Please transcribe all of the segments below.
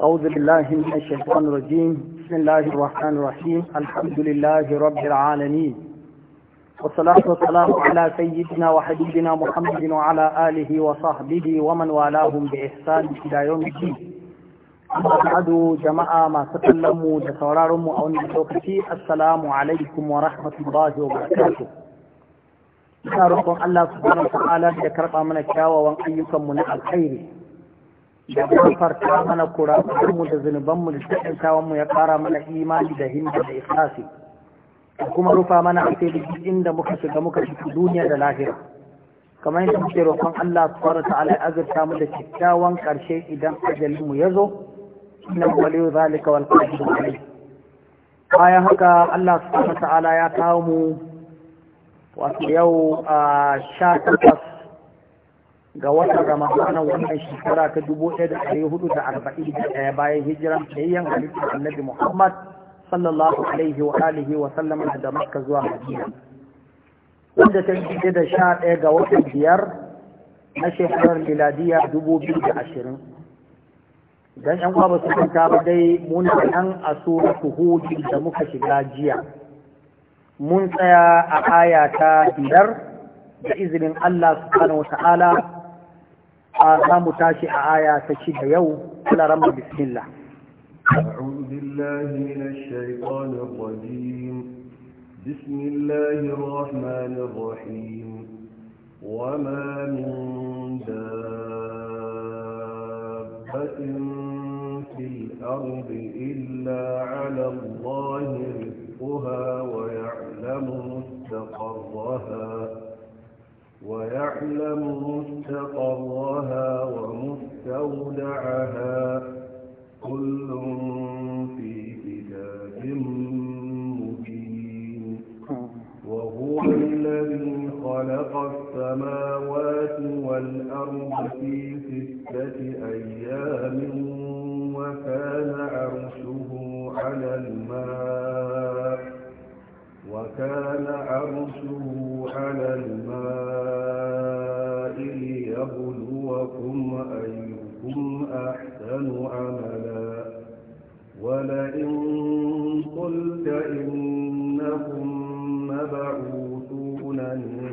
أعوذ بالله من الشيطان الرجيم بسم الله الرحمن الرحيم الحمد لله رب العالمين والصلاة والسلام على سيدنا وحبيبنا محمد وعلى آله وصحبه ومن والاهم بإحسان إلى يوم الدين أما بعد جماعة ما تكلموا تسورارموا أو نتوقفي السلام عليكم ورحمة الله وبركاته ina roƙon Allah subhanahu wa ta'ala ya karɓa mana kyawawan ayyukanmu na alkhairi da gafarta mana kurakunmu da zunubanmu da mu ya ƙara mana imani da himma da ikhlasi da kuma rufa mana asiri duk inda muka shiga muka shiga duniya da lahira kamar yadda muke roƙon Allah subhanahu wa ta'ala ya azurta mu da kyakkyawan karshe idan ajalin mu ya zo inna wali zalika wal qadiru bayan haka Allah subhanahu wa ta'ala ya kawo mu wato yau a ah, sha takwas. ga watan ramadana wannan shekara ta dubu ɗaya da ɗari hudu da arba'in da ɗaya bayan hijiran tsayayyen halittar annabi muhammad sallallahu alaihi wa alihi wa sallam da makka zuwa madina wanda ta yi da sha ɗaya ga watan biyar na shekarar miladiya dubu biyu da ashirin dan ƴan uwa ba su kanta ba dai muna nan a suratu Tuhudi da muka shiga jiya mun tsaya a aya ta biyar da izinin Allah subhanahu wa ta'ala za تاشي tashi a يوم ta ci بسم الله أعوذ بالله من الشيطان الرجيم بسم الله الرحمن الرحيم وما من دابة في الأرض إلا على الله رزقها ويعلم مستقرها ويعلم مستقرها ومستودعها كل في كتاب مبين وهو الذي خلق السماوات والأرض في ستة أيام وكان عرشه على الماء وكان عرشه على الماء إنهم مبعوثون من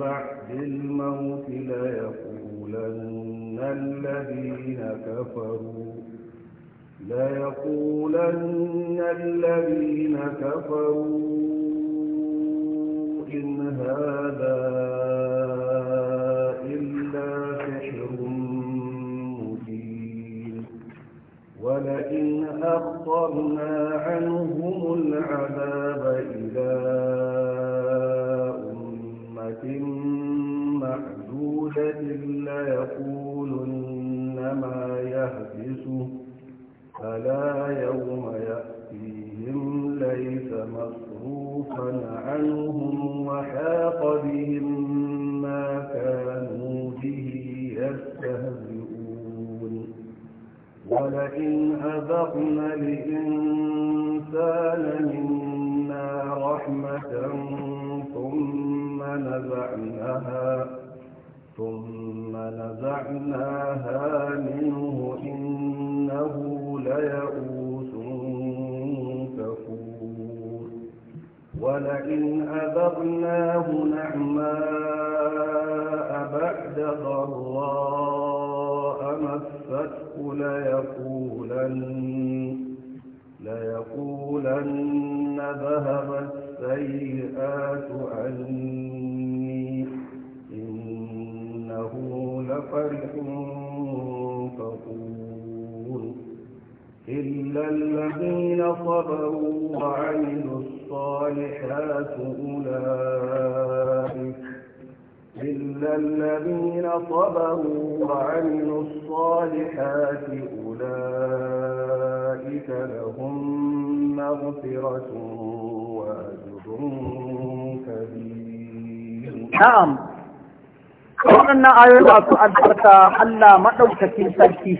بعد الموت ليقولن الذين كفروا ليقولن الذين كفروا إن هذا لئن أخطرنا عنهم العذاب إلى أمة معدودة ليقولن ما يهدسه فلا يوم يأتيهم ليس مصروفا عنهم وحاق بهم ولئن أذقنا الإنسان منا رحمة ثم نزعناها ثم نزعناها منه إنه ليئوس كفور ولئن أذقناه نعماء بعد ضراء جاءته ليقولن ليقولن ذهب السيئات عني إنه لفرح فقول إلا الذين صبروا وعملوا الصالحات أولئك إلا الذين صبروا وعملوا الصالحات أولئك لهم مغفرة وأجر كبير نعم قرنا آيات أدبتا حلا مدو تكين سلكي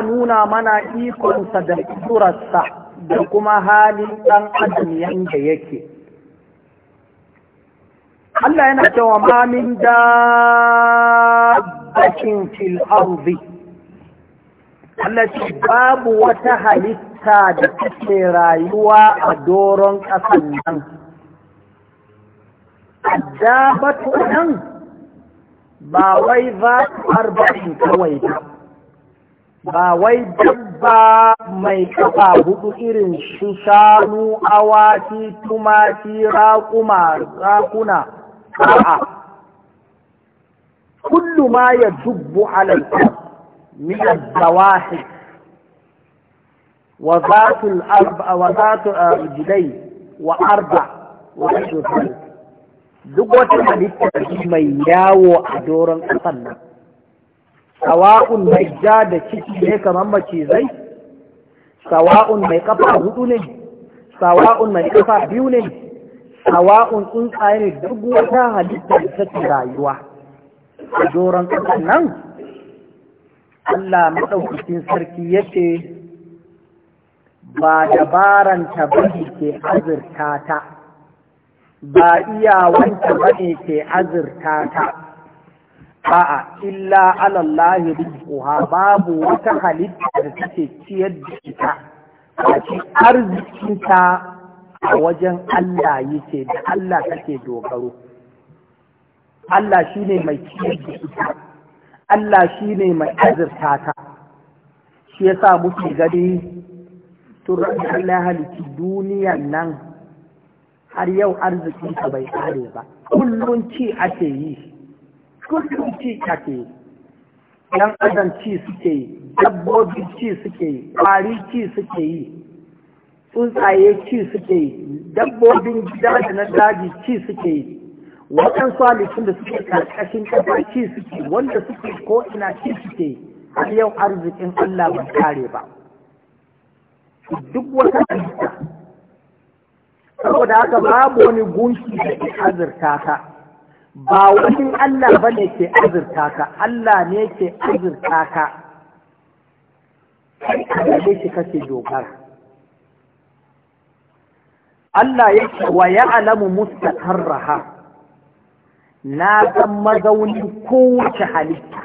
نونا منا إيكو سدر جورتا دكما هالي لن أدن ينجيكي الله ينحتوى ما من دابة في الأرض التي باب وتهل السادة في رايوة أدور أسنان الدابة أنه باويضة أربع كويضة باوي دبا مي كفا إرن شسانو أواتي تماتي راقما راقنا a'a kullu ma yajubbu ala al min al wa zatu al-arba wa zatu ah, al-jidai wa arba wa ghayru dhalik duk wata mai yawo a doron ƙasan nan sawa'un mai ja da ciki ne kamar zai, sawa'un mai kafa hudu ne sawa'un mai kafa biyu ne hawa'un in kayan duk wata halitta da take rayuwa a doron ƙasar nan Allah maɗaukacin sarki ya ce ba dabaranta ba ke azurta ta ba iyawanta ba ne ke azurta ta a'a illa alallahi rizquha babu wata halitta da take ciyar da ita a cikin arzikinta a wajen Allah yake da Allah take dogaro Allah shi ne mai ciki ita Allah shi ne mai azurta ta shi sa muke gani tun Allah halitti duniyan nan har yau arzikinta bai kare ba kullum ci ake yi kullum ci ake yi yan adam ci suke yi dabbobi ci suke yi ƙwari ci suke yi tsuntsaye ci suke yi dabbobin gida da na daji ci suke yi waɗansu halittun da suke karkashin ƙasa ci suke wanda suke ko ina ci suke har yau arzikin Allah ban kare ba duk wata halitta saboda haka babu wani gunki da ke azurta ka ba wani Allah ba ne ke azurta ka Allah ne ke azurta ka kai a gaba shi kake dogara Allah ya ce wa ya ya'lamu mustaqarraha na san mazaunin kowace halitta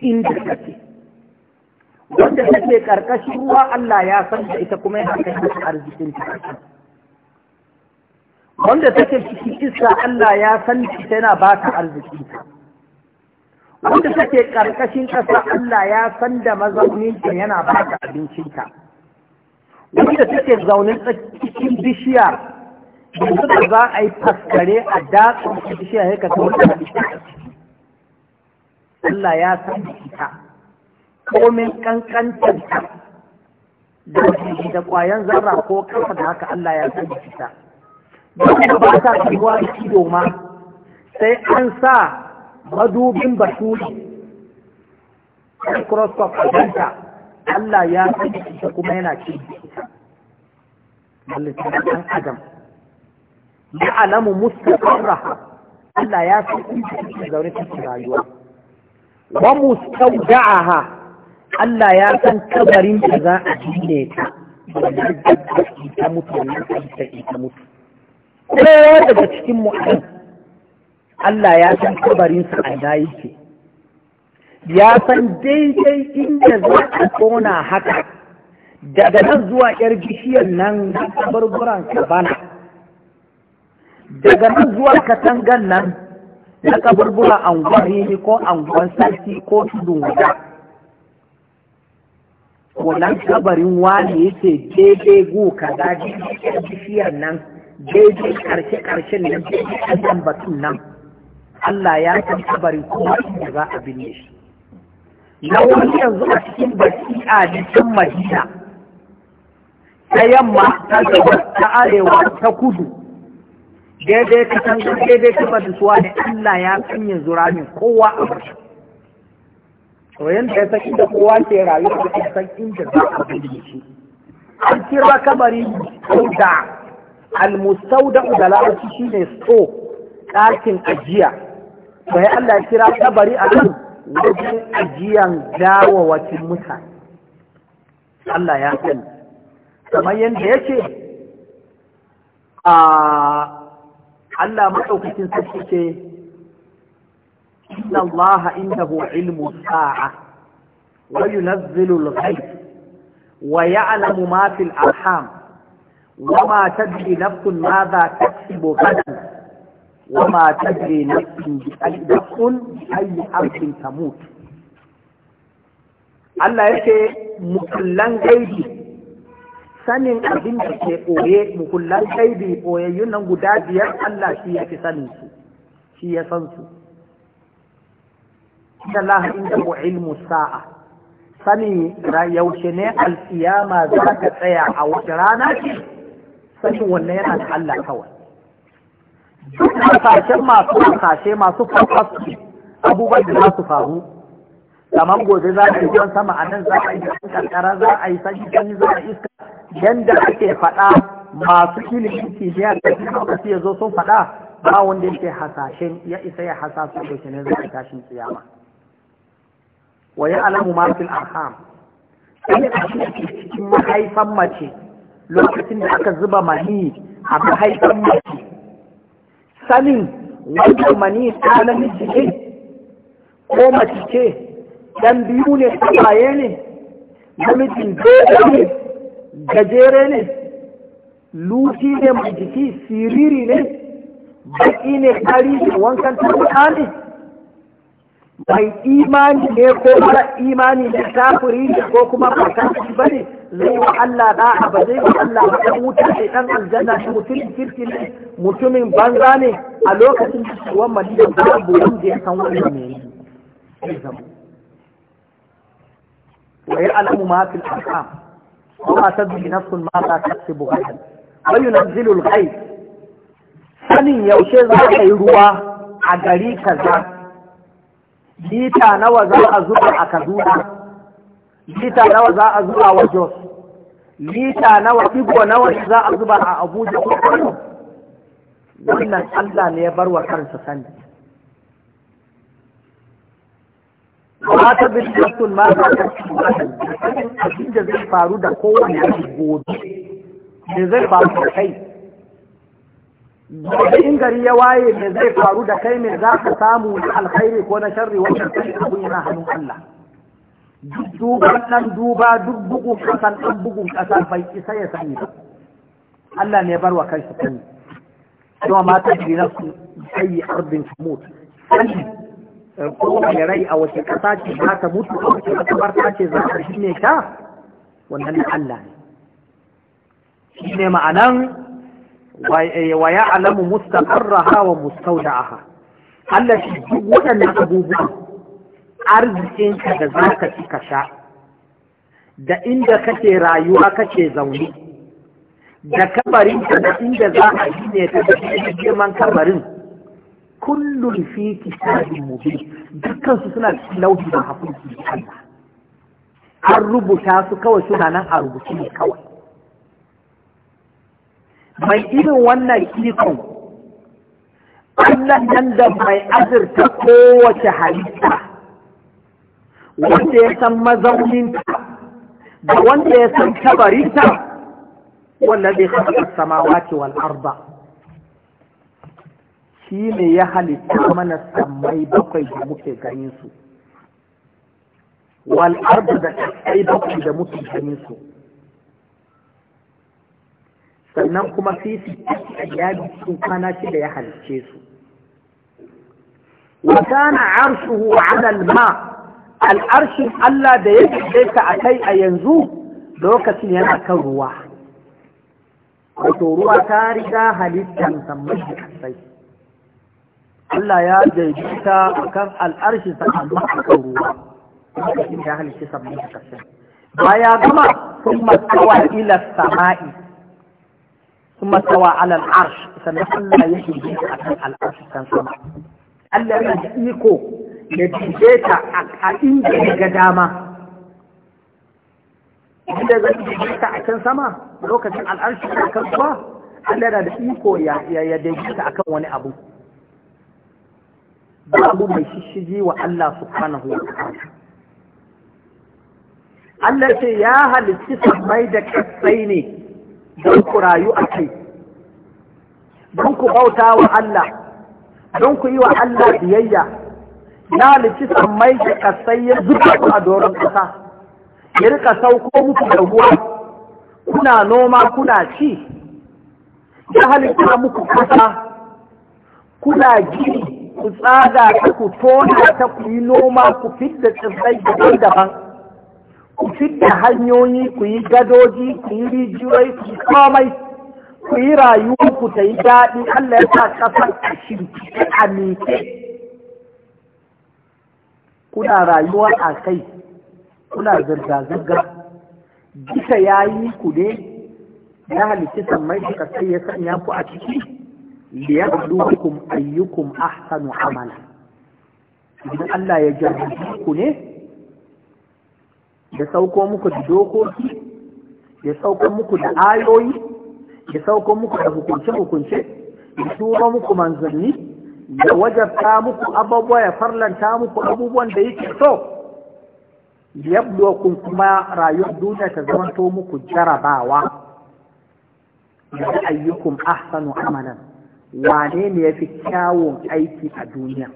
inda take wanda take karkashin ruwa Allah ya san da ita kuma ya kai da arzikin ta wanda take cikin iska Allah ya san da yana ba ta arziki wanda take karkashin ƙasa Allah ya san da mazaunin yana ba ta abincin ta wanda suke zaune cikin bishiya yanzu da za a yi faskare a datsun bishiya ya ka wata da Allah ya san ita komin kankantar da da kwayan zarra ko kafa da haka Allah ya san ita da ba ta kaiwa da ido ma sai an sa madubin basuri microscope a Allah ya san ita kuma yana cikin mallaki ɗan adam ya alamu mustaqarra Allah ya fi inda zaune cikin rayuwa wa mustawda'aha Allah ya san kabarin da za a jine ta ta mutu wannan ta ita mutu kowa daga cikin mu Allah ya san sa a da yake ya san daidai inda za a tona haka daga nan zuwa yar bishiyar nan na kabarburan kabana daga nan zuwa katangan nan na kabarburan anguwar yini ko anguwan sarki ko tudun wuta wannan kabarin wani yake daidai go kaza 'yar bishiyar nan daidai karshe karshen nan daidai batun nan Allah ya san kabarin kuma inda za a binne shi na wani yanzu a cikin basi a jikin madina ta yamma ta gaba ta arewa ta kudu daidai ta san daidai ta fadi suwa ne Allah ya sanya zuramin kowa a mashi to yanda ya san inda kowa ke rayuwa da ya san inda za a gudu shi an kira kabari da almustauda da larabci shine so ɗakin ajiya to ya Allah ya kira kabari a kan wajen ajiyan wacin mutane Allah ya sani kamar yadda yake a Allah maɗaukacin sarki ce inna Allah indahu ilmu sa'a wa yunazzilu al-ghayb wa ya'lamu ma fil arham wa ma tadri nafsun madha taksubu ghadan wa ma tadri nafsun bi ayyi amrin tamut Allah yake mukallan gaibi sanin abin da ke ɓoye mukullan kaibi ɓoyayyun nan guda biyar Allah shi ya fi sanin su shi ya san su inna Allah inda ku ilmu sa'a sani yaushe ne alkiyama za ka tsaya a wata rana ce sani wannan yana da Allah kawai duk hasashen masu hasashe masu farfasu abubuwan da za su faru kamar gobe za a yi ruwan sama a nan za a yi kankara za a yi sanyi sanyi za a iska yanda ake faɗa masu ilimin kimiyya da lokaci ya zo sun faɗa ba wanda yake hasashen ya isa ya hasasu da shi ne zai tashin tsiyama wa alamu ma fil arham sai a cikin mahaifan mace lokacin da aka zuba mani a mahaifan mace sanin wanda mani ta namiji ne ko mace ce dan biyu ne tsaye ne namijin dole ne gajere ne luti ne mai jiki siriri ne baki ne kari da wankan tabbata ne mai imani ne ko mara imani ne kafiri ne ko kuma fatanci ba ne zai wa Allah da ba zai wa Allah ba dan wuta ne dan aljanna ne mutumin kirki ne mutumin banza ne a lokacin da shugaban madina babu wanda ya san wani ne wa alamu ma fil arham وما تدري نفس ماذا تكسب غدا وينزل الغيب sanin yaushe za ka yi ruwa a gari kaza lita nawa za a zuba a kaduna lita nawa za a zuba wa jos lita nawa digo nawa za a zuba a abuja wannan allah ne ya bar wa kansa sani Mata ta bin nafsun ma ba ta cikin abin da zai faru da kowane yanki gobe me zai faru da kai gobe in gari ya waye me zai faru da kai me za ka samu na alkhairi ko na sharri wannan kai abun yana hannun Allah duk duban nan duba duk bugun kasan ɗan bugun kasa bai isa ya sani ba Allah ne barwa kai su sani kuma mata ta jiri nafsun sayi ardin mutu. kowane rai a wace ƙasa ce za ta mutu a wace makabarta ce za ta shine ta wannan na Allah ne shi ne ma'anan wa ya eh, alamu mustaqarraha wa mustawda'aha Allah shi duk waɗannan abubuwa arzikinka da za ka ci ka sha da inda kake rayuwa kake zaune da kabarin da inda za a shine ta da girman kabarin Kullum fi kitabin mubin dukkan su suna cikin lauhi da hakunci Allah an rubuta su kawai suna nan a rubuce ne kawai mai irin wannan ikon Allah nan da mai azurta kowace halitta wanda ya san mazauninta da wanda ya san tabarinta wanda zai kasa samawa ce wal arba shi ne ya halitta mana sammai bakwai da muke ganin su wal ardu da kasai bakwai da muke ganin su sannan kuma fi su ya bi cikin kwana shi da ya halicce su wa kana arshuhu ala al-ma al'arshin Allah da ya ka a kai a yanzu lokacin yana kan ruwa wato ruwa ta riga halittan sammai da kasai Allah ya daidaita kan al'arshi sa amma a kan ruwa lokacin da ya halitta sabbin da ƙarshen baya gama sun matsawa ila sama'i sun matsawa ala al'arsh sannan Allah ya daidaita a kan al'arshi kan sama Allah yana da iko ya daidaita a inda ya ga dama inda zai daidaita a can sama lokacin al'arshi kan sama Allah yana da iko ya daidaita a kan wani abu babu mai shishiji wa Allah subhanahu wa ta'ala Allah ce ya halitta sammai da kasai ne don ku rayu a kai don ku bauta wa Allah don ku yi wa Allah biyayya ya halitta sammai da kasai ya zuba ku a doron kasa. ya rika sauko muku da ruwa kuna noma kuna ci ya halitta muku kusa kuna gini ku tsada, ta ku tona ta ku yi noma ku fidda tsirrai daban-daban ku fidda hanyoyi ku yi gadoji ku yi rijiyoyi ku yi komai ku yi rayuwa ku ta yi daɗi Allah ya sa ƙasar a shirki ta amince kuna rayuwa a kai kuna zirga-zirga Gita ya yi ku ne ya halitta sammai suka sai ya sanya ku a ciki liyabluwakum ayyukum ahsanu amala idan Allah ya jarrabe ku ne ya sauko muku da dokoki ya sauko muku da ayoyi ya sauko muku da hukunce-hukunce ya turo muku manzanni ya wajabta muku abubuwa ya farlanta muku abubuwan da yake so yabluwakum kuma rayuwar duniya ta zamanto muku jarabawa da ayyukum ahsanu amalan wane ne ya fi kyawun aiki a duniya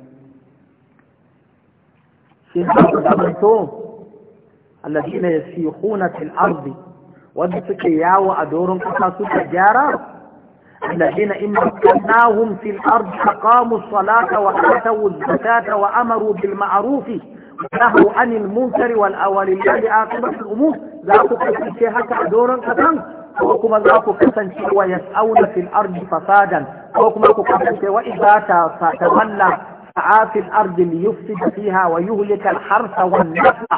shi ne zamanto allazina yasihuna fil arzi wanda suke yawo a doron kasa suka gyara الذين إن مكناهم في الأرض أقاموا الصلاة وآتوا الزكاة وأمروا بالمعروف ونهوا عن المنكر والأول لله عاقبة الأمور لا كسنشي هكا دورا كتن وكما ذاك كسنشي ويسأون في الأرض فسادا ko kuma ku kasance wa idza ta tawalla sa'afil ardi yufsid fiha wa yuhlika al-harsa wan nasla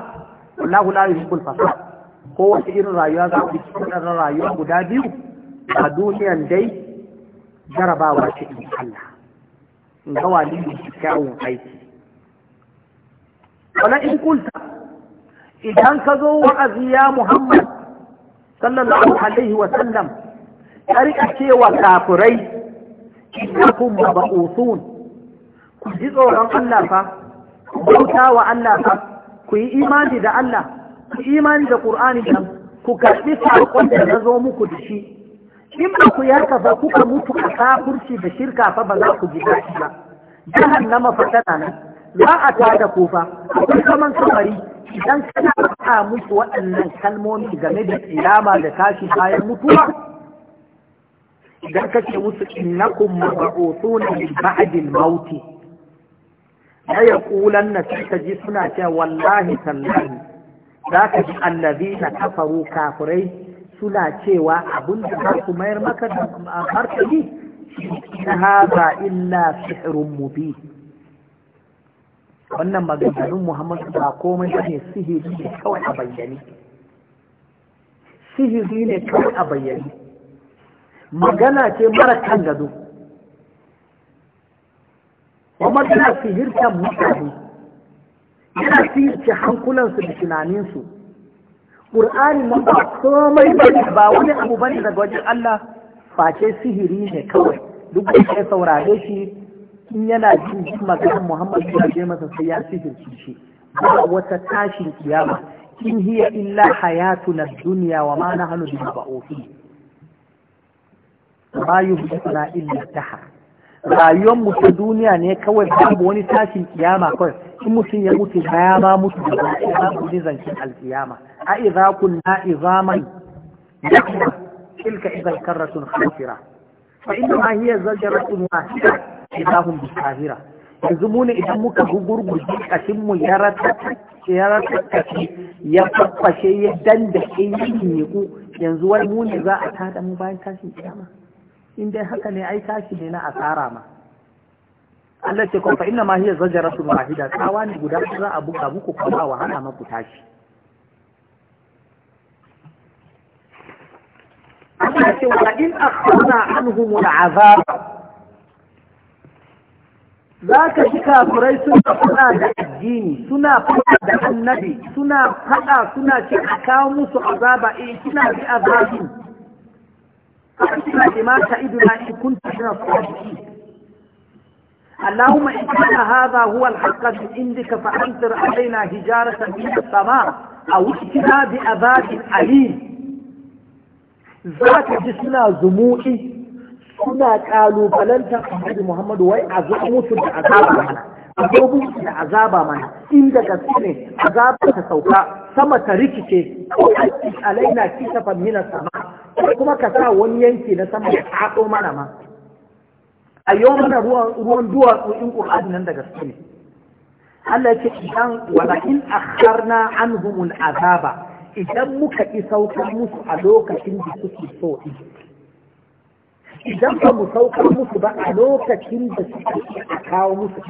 wallahu la yuhibbul fasad ko wace irin rayuwa za ku cikin irin rayuwa guda biyu a duniyan dai jarabawa ce in Allah in ga wali kyawun aiki wala in kulta idan ka zo wa'azi ya Muhammad sallallahu alaihi wa sallam ka rika cewa kafirai innakum mabusun ku ji tsoron Allah fa ku bauta wa Allah fa ku yi imani da Allah ku imani da Qur'ani da ku karbi sakon da na zo muku da shi in ba ku yarka ba kuka mutu a kafurci da shirka fa ba za ku ji daɗi ba jahannama fa tana nan za a tada ku fa akwai kaman kamari idan kana faɗa musu waɗannan kalmomi game da tsirama da tashi bayan mutuwa idan kace musu innakum mab'uthuna min ba'dil mauti la yaqulanna ji suna cewa wallahi tallahi zaka ji allazina kafaru kafurai suna cewa abun da za ku mayar maka da martani na haza illa sihrun mubi wannan maganganun muhammadu ba komai ba ne sihiri ne kawai a bayyane sihiri ne kawai a bayyane magana ce mara kan gado kuma tana sihirtar mutane yana sihirce hankulansu da tunaninsu ƙur'ani nan ba komai ba ba wani abu ba daga wajen Allah face sihiri ne kawai duk da ya saurare shi in yana jin maganar Muhammad ya je masa sai ya sihirce shi ba wata tashin kiyama Kin hiya illa hayatuna dunya wa ma nahnu bi mab'uthin ba yi na illa taha rayuwar mu ta duniya ne kawai babu wani tashin kiyama kawai in mutum ya mutu ya ma mutu da zance babu wani zancen alkiyama a idza kunna izaman nakma tilka idan karratun khasira fa inna ma hiya zajaratun wahida idahum bisahira yanzu mu ne idan muka gugurguje kashin mu ya ratattaki ya faffashe ya dandake ya yanzu wai mu ne za a tada mu bayan tashin kiyama in dai haka ne ai tashi ne na asara ma Allah ce kuma inna ma hiya zajaratun wahida tsawa ne guda za a buga muku kuma wahala muku tashi Allah ce wa in akhadna anhum al'azab zaka ji kafirai suna fada da addini suna fada da annabi suna fada suna ce a kawo musu azaba eh kina bi azabin فأنتما بما سعدنا إن كنت من الصادقين اللهم إن كان هذا هو الحق من عندك فأمطر علينا هجارة من السماء أو ائتنا بعذاب أليم ذاك جسنا زموعي سنا kalubalantar Muhammadu Muhammadu wai a أزعمو سنة أزعمو azaba abubuwan da azaba mana inda gaske ne azaba ta sauka sama ta rikice ko alaina kisafan mina sama kuma ka sa wani yanki na sama ya tsatso mana ma a yau mana ruwan duwatsu in ƙur'ani nan da gaske ne Allah ce idan wala in akharna anhum azaba idan muka sauka musu a lokacin da suke so idan ba mu saukar musu ba a lokacin da suke a kawo musu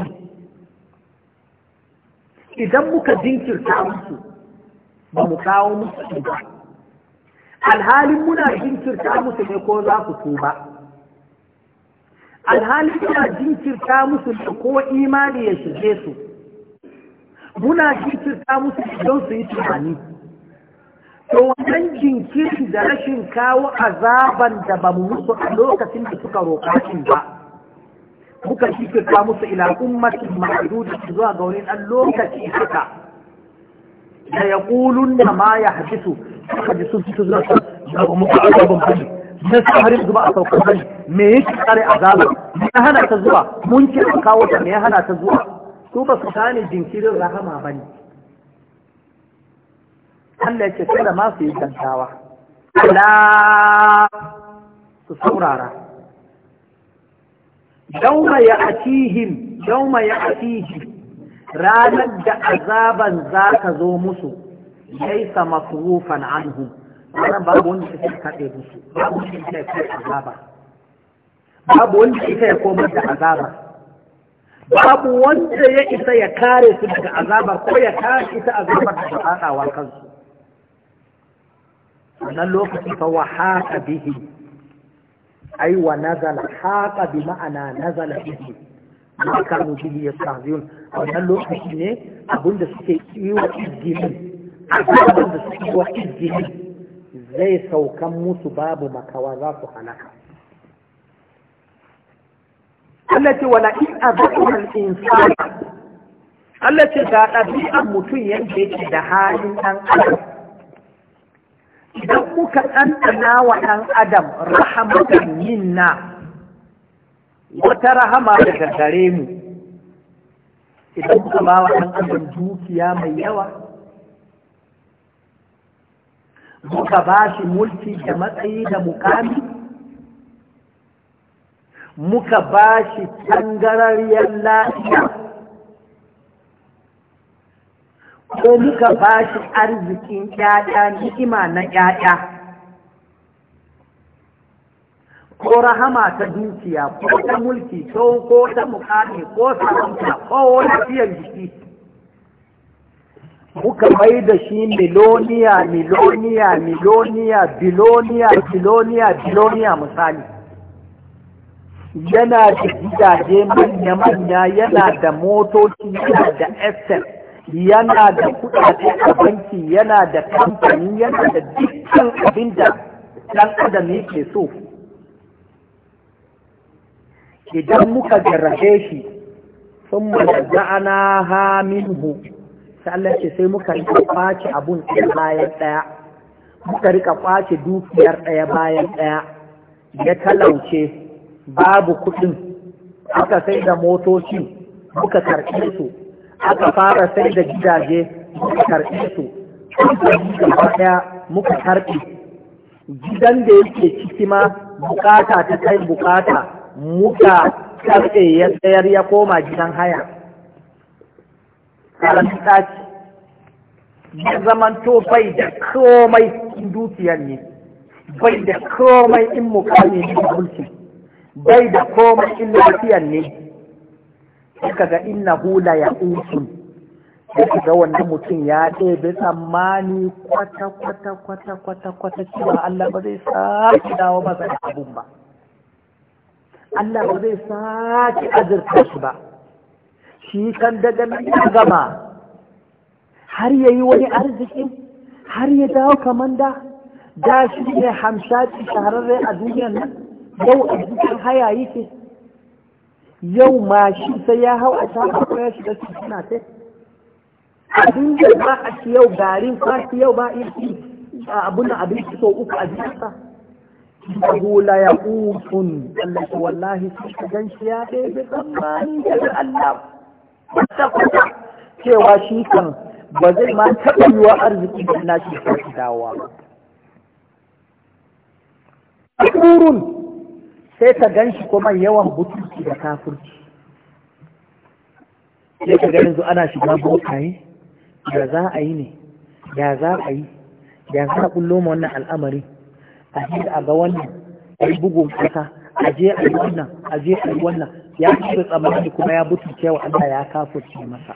idan muka jinkirta musu ba mu kawo musu ba alhalin muna jinkirta musu ne ko za su tuba alhalin muna jinkirta musu ne ko imani ya shige su muna jinkirta musu don su yi tunani to wannan jinkirin da rashin kawo azaban da ba mu musu a lokacin da suka roƙa shi ba muka shirka musu ila ummati ma'duda zuwa ga wani dan lokaci haka da na ma yahdisu suka ji sun fito zuwa da muka azaban Sai har yanzu zuba a sauka fadi me yake kare azaba me ya hana ta zuwa mun ce a kawo ta me ya hana ta zuwa su ba su gane jinkirin rahama bane Allah ya ce kada ma su yi gantawa Allah su saurara yawma ya'tihim yawma ya'tihim ranar da azaban za zo musu laisa mafrufan anhu wannan babu wanda take kaɗe musu babu wanda azaba babu wanda ya da azaba babu wanda isa ya kare su daga azabar ko ya kare ita azabar da a kansu wannan lokaci fa wahaka bihi ai wa nazala haqa bi ma'ana nazala bihi ma kanu bihi yastahzi'un a wannan lokaci ne abinda suke kiwo izgini abinda suke kiwo izgini zai saukan musu babu makawa za su halaka Allah ce wala in azaqna al-insana Allah ce ga ɗabi'an mutum yadda yake da halin dan Kuka ɗanɗana wa ɗan adam rahamatan minna wata rahama daga gare mu idan kuka ba wa ɗan adam dukiya mai yawa muka ba shi mulki da matsayi da mukami muka ba shi tangarariyar lafiya ko muka ba shi arzikin ƴaƴa ni'ima na ƴaƴa ko rahama ta dukiya ko ta mulki ko ko ta mukami ko sarauta ko wani fiyan jiki muka mai da shi miloniya miloniya miloniya biloniya biloniya biloniya misali yana da gidaje manya-manya yana da motoci yana da estate yana da kudade a banki yana da kamfani yana da dukkan abin da ɗan adam yake so idan muka jarrabe shi sun maza'ana ha minhu sai Allah ce sai muka rika kwace abun ɗaya bayan ɗaya muka rika kwace dukiyar ɗaya bayan ɗaya ya talauce babu kuɗin aka sai da motoci muka karɓe su aka fara sai da gidaje muka karɓe su gaba ɗaya muka karɓe gidan da yake ciki ma bukata ta kai bukata muka karɓe ya tsayar ya koma gidan haya ƙaramin ɗaci ya to bai da komai dukiyar ne bai da komai in mukami ne mulki bai da komai in lafiyar ne suka ga inna hula ya usun ya ga wannan mutum ya ɗebe tsammani kwata kwata kwata kwata kwata cewa Allah ba zai sa dawo masa da abun ba Allah ba zai sake azurta shi ba shi kan daga nan gama har ya yi wani arziki har ya dawo kamar da da shi ne hamshaci shahararre a duniyar nan yau a jikin haya yake yau ma shi sai ya hau a shafa ko ya shiga suna sai A duniyar ba a ci yau garin kwasi yau ba a abin abin so uku a jikinsa innahu la yaqutun Allah wallahi sai ka gan shi ya kai bi tsammani daga Allah kwata kwata cewa shi kan ba zai ma taɓa yiwa arziki da na shi ko dawowa ba kurun sai ta gan shi kuma yawan butulci da kafurci sai ka ganin zu ana shiga bokaye da za a yi ne da za a yi ya za a kullo ma wannan al'amari a yi a ga wannan a yi bugun kasa a je a yi wannan a je a yi wannan ya fi tsammani kuma ya butu cewa Allah ya kafurce masa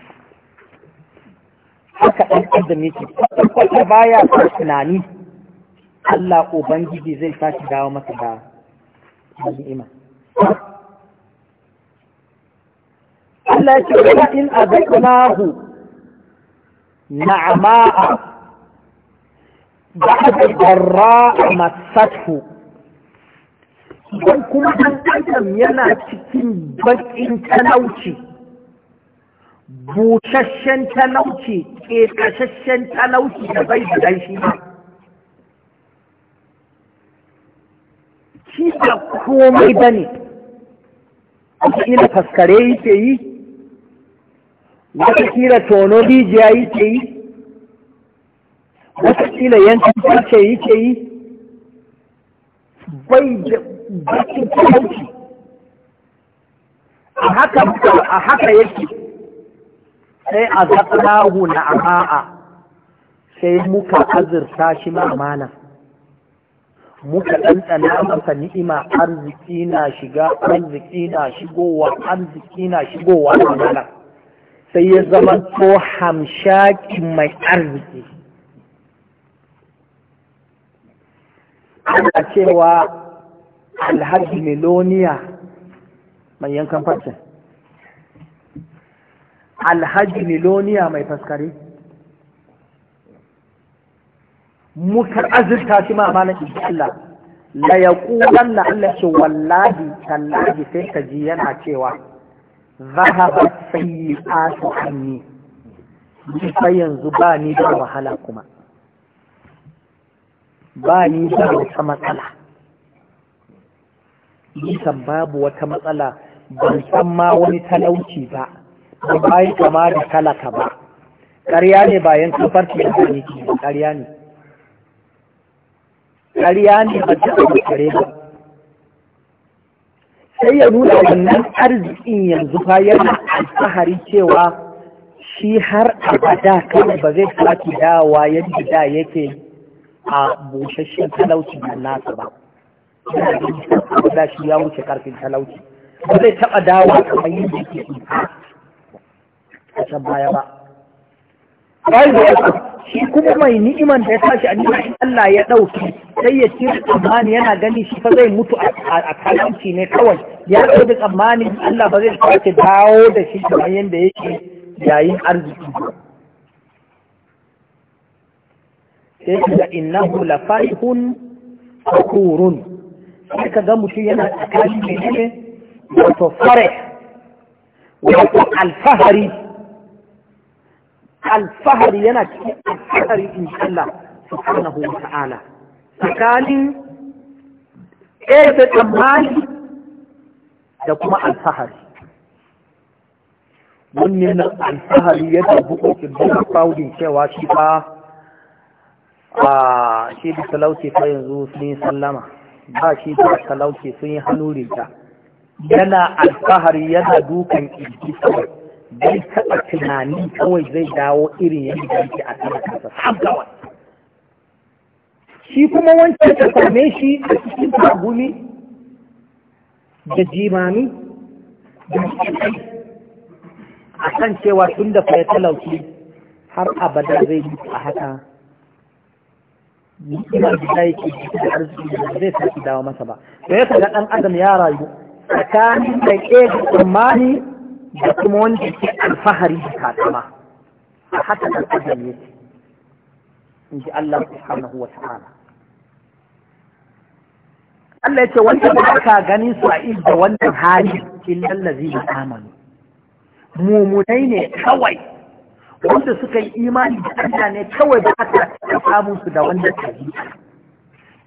haka ɗan adam yake kwata baya sa tunani Allah ubangiji zai sake dawo masa da ni'ima Allah ya ce in azaqnahu na'ama'a ba'da darra masathu idan kuma ɗan adam yana cikin baƙin talauci busasshen talauci ƙeƙasasshen talauci da bai da shi ba shi da komai ba ne wataƙila faskare yake yi wataƙila tono rijiya yake yi wata kila yankin farce yake yi bai da bakin talauci a haka a haka yake sai a zaɓa na ama'a sai muka azurta shi ma'amana muka ɗanɗana masa ni'ima arziki na shiga arziki na shigowa arziki na shigowa amana sai ya zama to hamshakin mai arziki ana cewa alhaji meloniya mai yankan farcen alhaji meloniya mai faskare mukar azurta shi ma amalan insha Allah la yaqulan la Allah ce wallahi tallahi sai ka ji yana cewa sai yi ƙasa hannu anni sai yanzu ba ni da wahala kuma ba da wata matsala nisan babu wata matsala ban san ma wani talauci ba ba bayan kama da talaka ba ƙarya ne bayan kafarci da ne ke ƙarya ne ƙarya ne ba ta kare ba sai ya nuna wannan arzikin yanzu fa yana alfahari cewa shi har abada kawai ba zai sake dawa yadda da yake a busasshen talauci da nasa ba yana ganin da shi ya wuce karfin talauci ba zai taɓa dawa kamar yadda yake a can baya ba bayan da yasa shi kuma mai ni'iman da ya tashi a in Allah ya ɗauki sai ya cire tsammani yana gani shi fa zai mutu a talauci ne kawai ya ɗauki tsammani Allah ba zai sake dawo da shi kamar yadda yake yayin arziki ba sai ka ga innahu la farihun fakurun sai ka ga mutum yana tsakanin menene wato fare wato alfahari alfahari yana cikin alfahari in Allah subhanahu wa ta'ala tsakanin ɗaya tsammani da kuma alfahari wannan alfahari ya tabbata cikin proudin cewa shi ba. a shi da talauci ta yanzu sun yi sallama ba shi da talauci sun yi hannu yana alfahari yana dukan ilki kawai bai taɓa tunani kawai zai dawo irin yadda yake a kan sam kawai shi kuma wancan ta same shi a cikin tagumi da jimami da a kan cewa tun da fa talauci har abada zai yi a haka ni'imar da yake da arziki da zai saki dawo masa ba to ya kaga ɗan adam ya rayu tsakanin da ke da tsammani da kuma wanda ke alfahari da kakama a haka ɗan adam yake in ji Allah subhanahu wa ta'ala Allah ya ce wanda ba ka ganin su a inda wannan hali illal ladzina amanu mumunai ne kawai wanda suka yi imani da Allah ne kawai da aka samu su da wanda ta yi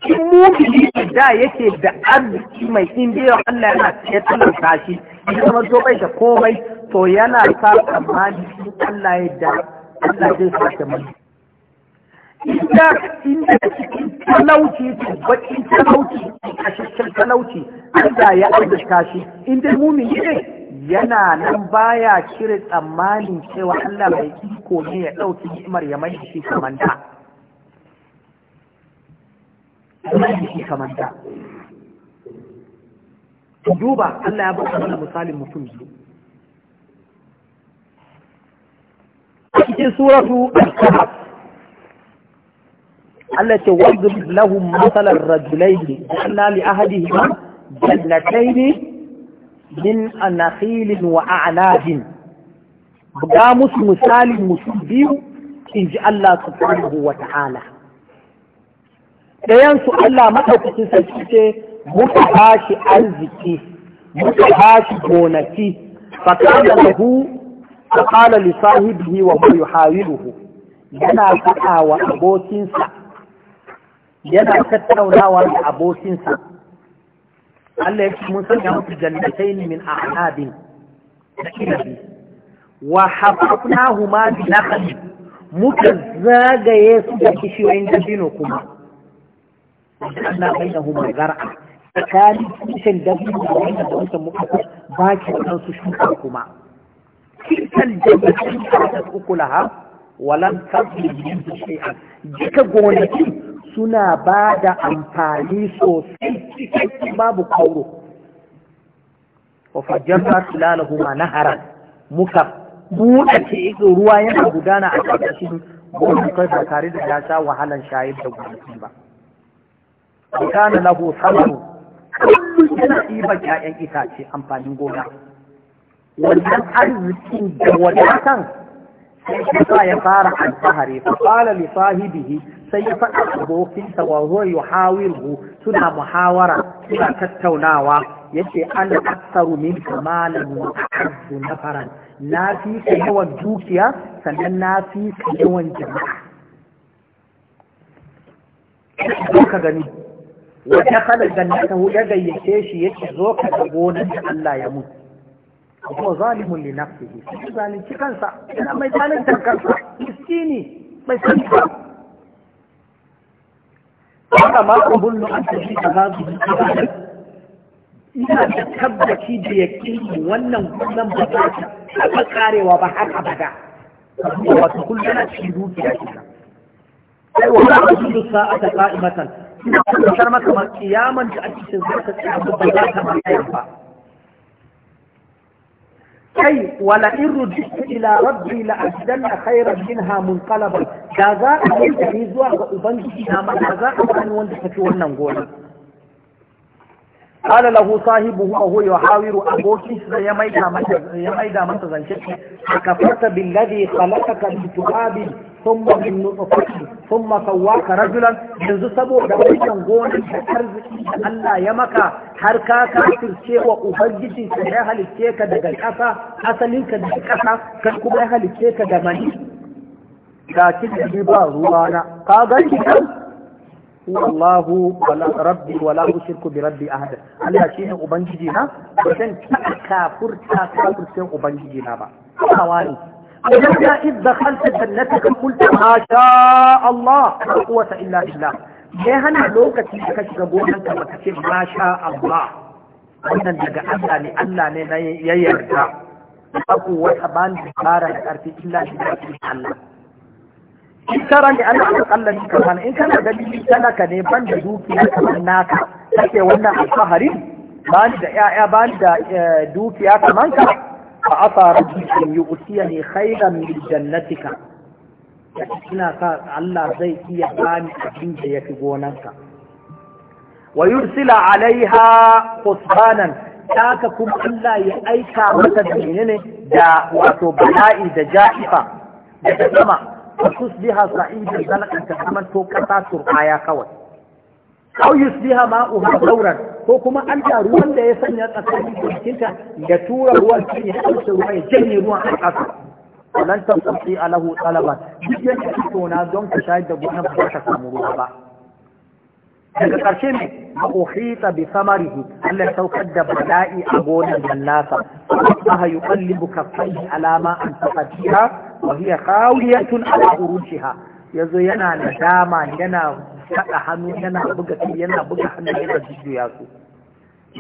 in mumini da yake da arziki mai indiya Allah yana ya talauta shi in zama zo bai da komai to yana sa tsammani in Allah ya da Allah zai sa ta mai inda inda cikin talauci to bakin talauci a shakkin talauci Allah ya arzika shi in dai mumini ne yana nan baya cire tsammanin cewa Allah mai iko ne ya ɗauki ni'imar ya mai shi kamanta kamanta duba Allah ya bata mana misalin mutum biyu cikin suratu al-kahf Allah ce wadrib lahum masalan rajulaini ja'alna li ahadihima ne? min anakhilin wa a'nabin buga musu misalin mutum biyu in ji Allah subhanahu wa ta'ala ɗayan su Allah madaukakin sarki ce muka bashi arziki muka bashi gonaki fakala lahu fakala li sahibihi wa huwa yuhawiruhu yana faɗa wa abokinsa yana tattaunawa da abokinsa Allah ya ce mun sanya musu jannatain min a'nabin da inabi wa hafafnahuma bi naqli muka zagaye su da kishiyoyin dabino kuma Allah huma zar'a tsakanin kishin dabino da wannan da wancan muka baki wannan su shuka kuma kitan jannatain ta ukulaha walan tasbihin shay'an duka gonaki suna ba da amfani sosai cikakken babu kauro wa fajjarna tilalahu ma nahara muka buɗe ce ruwa yana gudana a cikin gonan kai ba tare da ya sha wahalan shayar da gonaki ba kana lahu samaru kullum yana ɗiban 'ya'yan itace amfanin gona wannan arzikin da wadatan sa ya fara al-fahari fa qala li sahibihi sai ya faɗa abokinsa wa huwa yuhawiru suna muhawara suna tattaunawa yace an aksaru min kamalan wa nafaran na fi ka yawan dukiya sannan na fi ka yawan jama'a ka gani wata kalar gannata ya gayyace shi yake zo ka ga da Allah ya mutu Kuma huwa zalimun li nafsihi shi zalunci kansa yana mai zaluntar kansa miskini mai sani ba haka ma kabullu an tafi da zazu ina da tabbaci da yakini wannan kullum ba za ta taɓa karewa ba har abada wata kullum na cikin dukiya kenan sai wa ta kudu sa'ata qa'imatan ina tabbatar maka ma kiyaman da ake cikin zaka tsaya ba za ta ba mata ba kai wala in rujitu ila rabbi la ajidanna khairan minha munqalaban da za a yi zuwa ga ubangiji na ma za a bani wanda tafi wannan gona kala lahu sahibu huwa huwa yuhawiru aboki da ya maida masa ya maida masa zance ka kafarta billadhi khalaqaka min turabi thumma min nutfatin thumma sawwaka rajulan yanzu saboda wajen gonar da arziki da Allah ya maka har ka kafirce wa ubangiji ka ya halice ka daga kasa asalin ka daga kasa kan kuma ya halice ka da mani ka kike ba ruwa na ka ganki kan Allahu rabbi wala ushirku bi rabbi ahad Allah shine ubangiji na ba zan kafurta kafurcin ubangiji na ba kawa ne idan إذ دخلت جنتك قلت ما شاء الله لا قوة إلا بالله me hana lokacin da ka shiga gonan ka baka ce ma sha Allah wannan daga Allah ne Allah ne na ya yarda babu wata bani fara da karfi illa shi da Allah in tara ne Allah ka kalla shi ka in kana da dalili talaka ne ban da dukiya kamar naka kake wannan alfahari ba ni da ƴaƴa ba ni da eh, dukiya kamar ka fa asa rabbi an yu'tiyani khayran min jannatika ina sa Allah zai iya bani abin da yafi gonanka wa yursila alaiha qusbanan taka kuma Allah ya aika mata da menene da wato bala'i da ja'ifa da sama fa tusbiha sa'idan zalqan ta zaman to kasa turqaya kawai aw yusbiha ma'uha dauran ko kuma an ta ruwan da ya sanya tsakanin jikinta ya tura ruwan iya ya ɗauke ruwa ya janye ruwan a ƙasa lan tamtsi alahu talaba duk yanda kake tona don ka shayar da gonan ba samu ruwa ba daga ƙarshe ne a ohita bi samarihi Allah saukar da bala'i a gonan nan nasa ha yuqallibu kaffaihi alama an taqdiha wa hiya khawiyatun ala urushiha yazo yana nadama yana kada hannu yana buga yana buga hannu yana ya su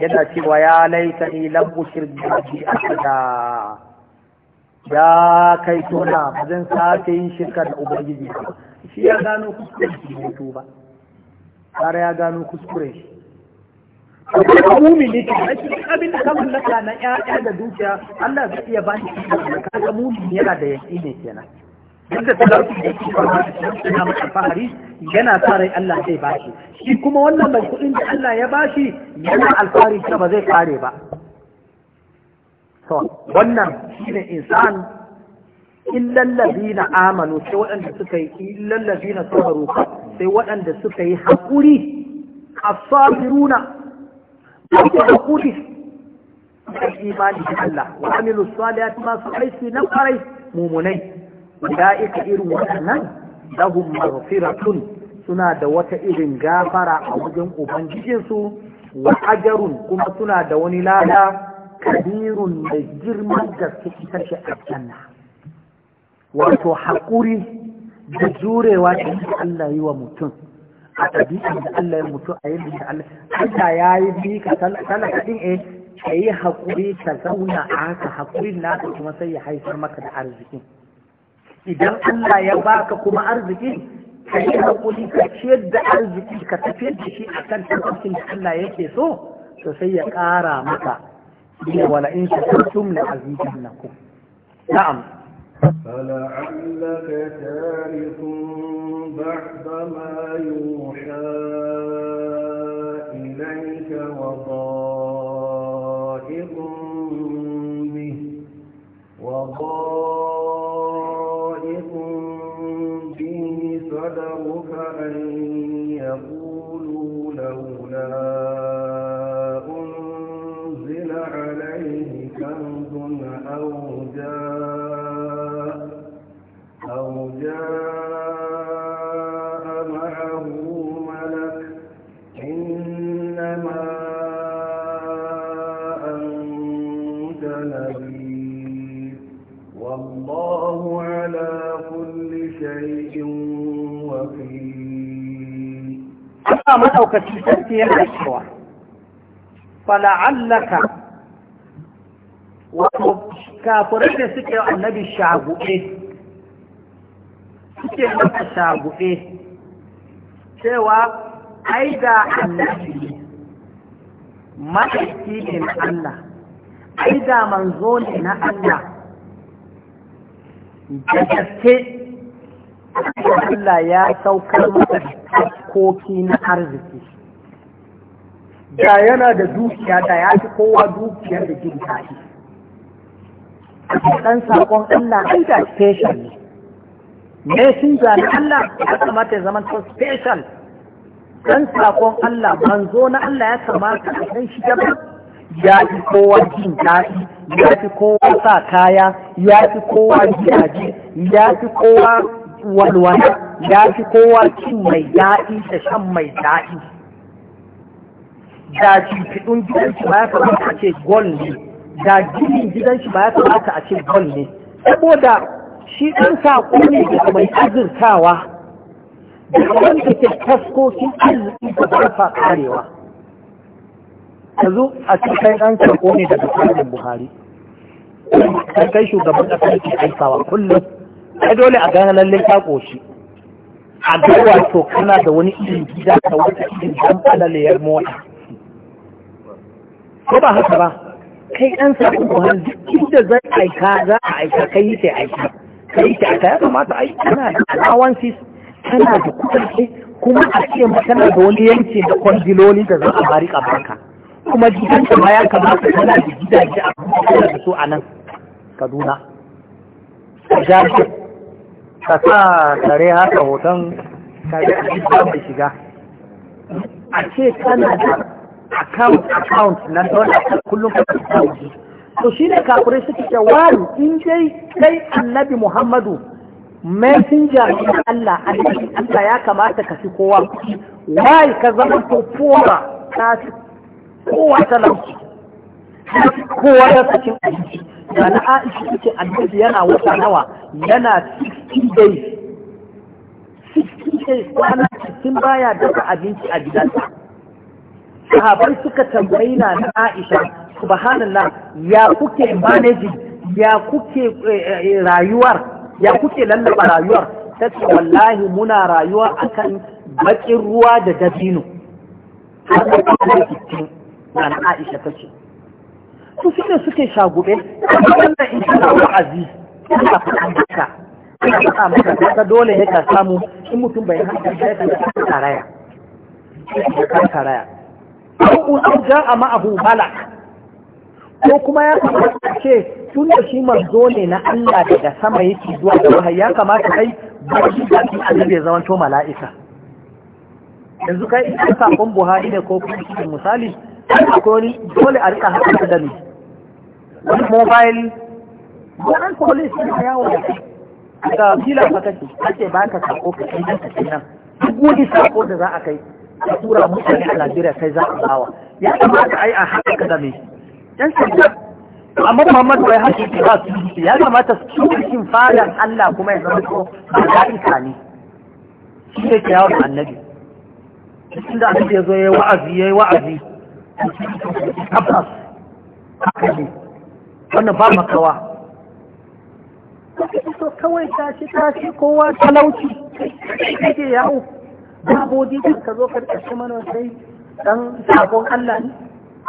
yana cewa ya laita ni lam ushir bi rabbi ahada ya kai tona ba zan sake yin shirka da ubangiji shi ya gano kuskure shi ne tuba har ya gano kuskure. shi mumini ce a cikin abin da kamun laka na ƴaƴa da dukiya Allah zai iya ba shi da kaga mumini yana da yaki ne kenan duk da talauci da shi ba shi yana masa fahari yana sa rai Allah zai ba shi shi kuma wannan mai kuɗin da Allah ya ba shi yana alfahari ta ba zai kare ba to wannan shine insan illal ladina amanu sai waɗanda suka yi illal ladina sabaru sai waɗanda suka yi haƙuri as-sabiruna da kuɗi, da imani da Allah wa amilu salihati masu aiki na kwarai mumunai ulaika irin waɗannan lahum maghfiratun suna da wata irin gafara a wajen ubangijinsu wa ajarun kuma suna da wani lada kabirun da girman gaske ita ce aljanna wato haƙuri da jurewa da Allah yi wa mutum a ɗabi'ar da Allah ya mutu a yin da Allah ya yi bi ka talaka ɗin eh ka yi haƙuri ka zauna a haka haƙurin naka kuma sai ya haifar maka da arziki idan Allah ya baka kuma arziki ka yi haƙuri ka ciyar da arziki ka tafiyar da shi a kan tabbacin da Allah yake so to sai ya ƙara maka ne wala in shakartum la na'am فلعلك تارك بعد ما يوحى إليك وضائق به وضائق Allah maɗaukaci sarki yana cewa fala'allaka wato kafirai da suke annabi shagu'e suke masa shagu'e cewa ai da annabi ma'aiki ne na Allah ai da manzo ne na Allah da gaske Allah ya saukar masa harkoki na arziki da yana da dukiya da ya fi kowa dukiyar da jin daɗi Ɗan saƙon Allah ai da special ne sun na Allah ya kamata ya zama to special Ɗan saƙon Allah manzo na Allah ya kamata a san shi gaba ya fi kowa jin daɗi ya fi kowa sa kaya ya fi kowa gidaje ya fi kowa walwala ya fi kowa cin mai daɗi da shan mai daɗi da fifiɗin gidan shi ba ya kamata a ce gol ne da gini gidan shi ba ya kamata a ce gol ne saboda shi ɗan saƙo ne da mai azurtawa da wanda ke taskokin arziki da ba ƙarewa. Ka zo a cikin ɗan saƙo ne daga tsarin buhari ka kai shugaban ƙasar ke aikawa kullum ai dole a gane lallai ta ƙoshi a ga wato kana da wani irin gida ta wata irin dan alalayar mota ko ba haka ba kai an samu buhari duk inda zai aika za a aika kai yi sai aika kai yi sai aika ya kamata ai kana da allowances kana da kuɗaɗe kuma a ce kana da wani yanki da kwandiloli da za a bari ka baka kuma gidan da ma ya kamata kana da gidaje a kuma da su a nan kaduna a ka sa tare haka hoton kare a cikin mai shiga a ce kana da account account na dollar kullum ka da wuce to shi ne kakurai suke ce wani in dai kai annabi muhammadu messenger na Allah annabi Allah ya kamata ka fi kowa wai ka zama to kowa ta fi kowa lauki kowa ya sakin abinci da na aisha ce annabi yana wata nawa yana 60 days 60 days kwana 60 baya dafa abinci a gidansa sahabai suka tambayi na na aisha subhanallah ya kuke manajin ya kuke eh, eh, rayuwar ya kuke lallaba rayuwar ta ce wallahi muna rayuwa akan bakin ruwa da dabino har da kuma na aisha ta ce su suke ne suke shagube wannan in kana wa'azi kana faɗa maka kana faɗa maka ta dole ya ka samu in mutum bai haka ya ka ta karaya ya ka karaya ko an ja a ma'ahu balak ko kuma ya kamata ce tun da shi manzo ne na Allah daga sama yake zuwa da wahayi ya kamata kai ba shi da a zabe zaman to mala'ika yanzu kai in sakon Buhari ne ko kuma misali kori, dole a rika hakan da ni wani mobile wannan police ne yawo da shi. ga kila ka kace kace ba ka sako ka kai nan kai nan duk wani sako da za a kai a tura mutane a Najeriya kai za a bawa ya kamata ai a haka ka zame yan sanda amma Muhammad bai haƙi ki ba su ya kamata su cikin fadan Allah kuma ya zama ko ba ka ne shi ne ke da annabi cikin da annabi ya zo ya yi wa'azi ya yi wa'azi tabbas ne wannan ba makawa so kawai tashi tashi kowa talauci kake yawo baboji ka zo ka tashi mana sai dan sabon Allah ne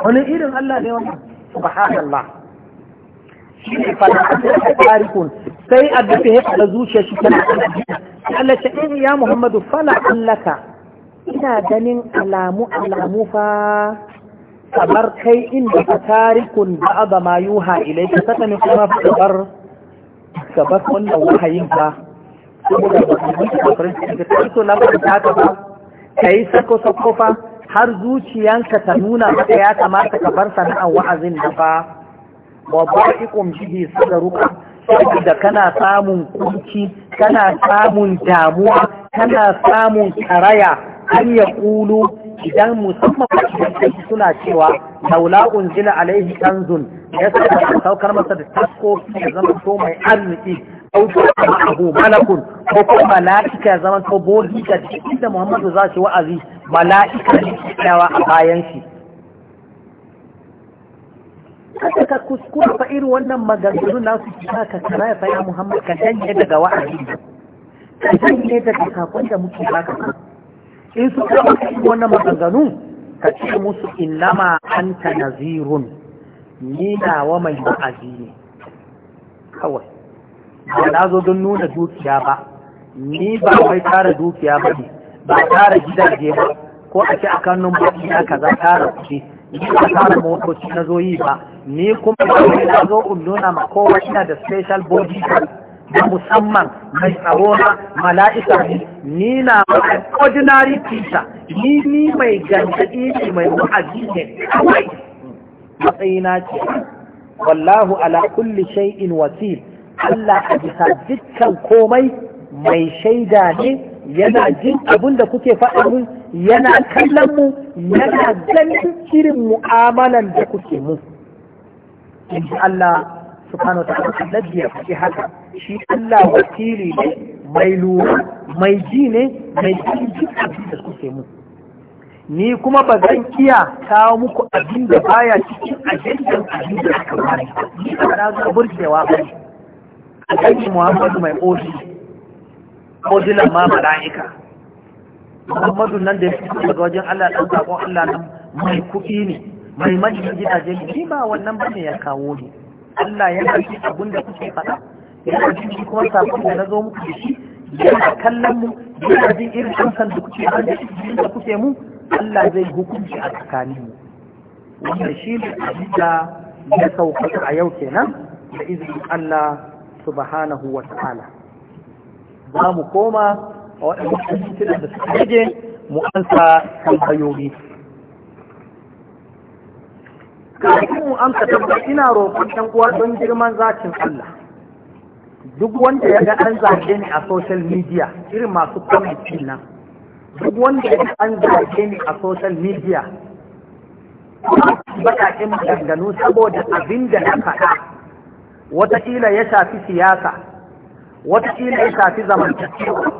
wani irin Allah ne wannan subhanallah shi ne fara ta tarikun sai addu'a ya fara zuciya shi tana Allah ce eh, ya Muhammadu fala allaka ina ganin alamu alamu fa kamar kai inda ka tarikun ba'ada ma yuha ilayka sakani kuma ka bar ka bar wannan wahayin ka saboda ba ka yi kokarin ka tarko lamarin ta ka ba kai sako sako fa har zuciyanka ta nuna maka ya kamata ka bar sana'an wa'azin da fa wa ba'iqum bihi sadruka saboda kana samun kunci kana samun damuwa kana samun karaya an ya kulu idan musamman idan suna cewa laula unzila alaihi kanzun ya saka saukar masa da tasko ya zama to mai arziki auto abu malakun ko kuma mala'ika ya zama to bogi da cikin da Muhammadu za shi wa'azi mala'ika ne tsayawa a bayan shi kada ka kuskura fa irin wannan maganganu na su kika ka tsara fa ya Muhammad ka danye daga wa'azi ka danye daga sakon da muke baka in su kama wannan maganganu ka ce musu innama anta nazirun ni nawa mai wa'azi ne kawai ba na zo don nuna dukiya ba ni ba mai tara dukiya ba ne ba tara gidaje ba ko a ce a kanun baki na kaza tara kuɗi ni ba tara motoci na zo ba ni kuma ba na zo in nuna ma kowa ina da special body na musamman mai tsaro na mala'ika ne ni na ordinary teacher ni ni mai gargaɗi ne mai wa'azi ne kawai matsayina ce wallahu ala kulli shay'in wakil Allah a bisa dukkan komai mai shaida ne yana jin abin da kuke faɗa mu yana kallon mu yana ganin irin mu'amalan da kuke mu in Allah subhanahu wa ta'ala annabi ya haka shi Allah wakili ne mai lura mai ji ne mai ji da mu ni kuma ba zan iya kawo muku abin da baya cikin ajandan abin da suka bari ni ba na zuwa burgewa ba A alhaji muhammadu mai oji ojilan ma mala'ika muhammadu nan da ya fito daga wajen allah ɗan zaɓon allah nan mai kuɗi ne mai manyan gidaje ni ba wannan ba ne ya kawo ni Allah ya ɗauki abin da kuke faɗa yana ji shi kuma sabon da na zo muku da shi yana kallon mu yana jin irin amsan da kuke ban da shi da kuke mu Allah zai hukunci a tsakanin mu wanda shi ne abin da ya sauƙaƙa a yau kenan da izinin Allah subhanahu wa ta'ala za mu koma a waɗannan mintuna da suka rage mu ansa tambayoyi. amsa tabbata ina roƙon ɗan uwa don girman zakin Allah duk wanda ya ga an zage ni a social media irin masu kwamiti nan duk wanda ya ga an zage ni a social media baƙaƙen maganganu saboda abin da na faɗa wataƙila ya shafi siyasa wataƙila ya shafi zamantakewa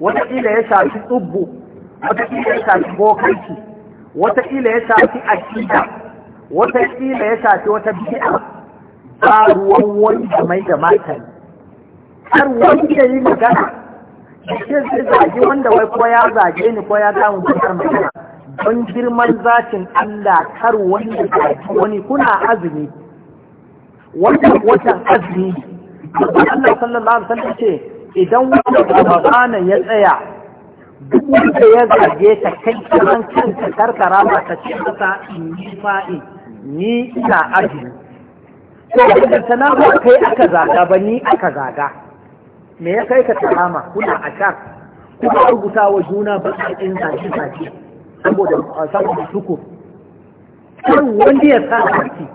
wataƙila ya shafi tsubbu wataƙila ya shafi bokanci wataƙila ya shafi akida wata ƙila ya shafi wata bid'a ba ruwan wani da mai da matan har wani da yi magana shi zai zage wanda wai ko ya zage ni ko ya damu bakar magana don girman zatin Allah kar wani da zagi wani kuna azumi wannan watan azumi Allah sallallahu alaihi wasallam ce idan wanda Ramadan ya tsaya duk wanda ya zage ta kai kiran kanta karkara ba ta ce masa in yi fa'in ni ina aji ko da sana'a kai aka zaga ba ni aka zaga me ya kai ka tarama kuna a can? kuma rubuta wa juna ba a ɗin zaki zaki saboda saboda suku kar wanda ya sa zaki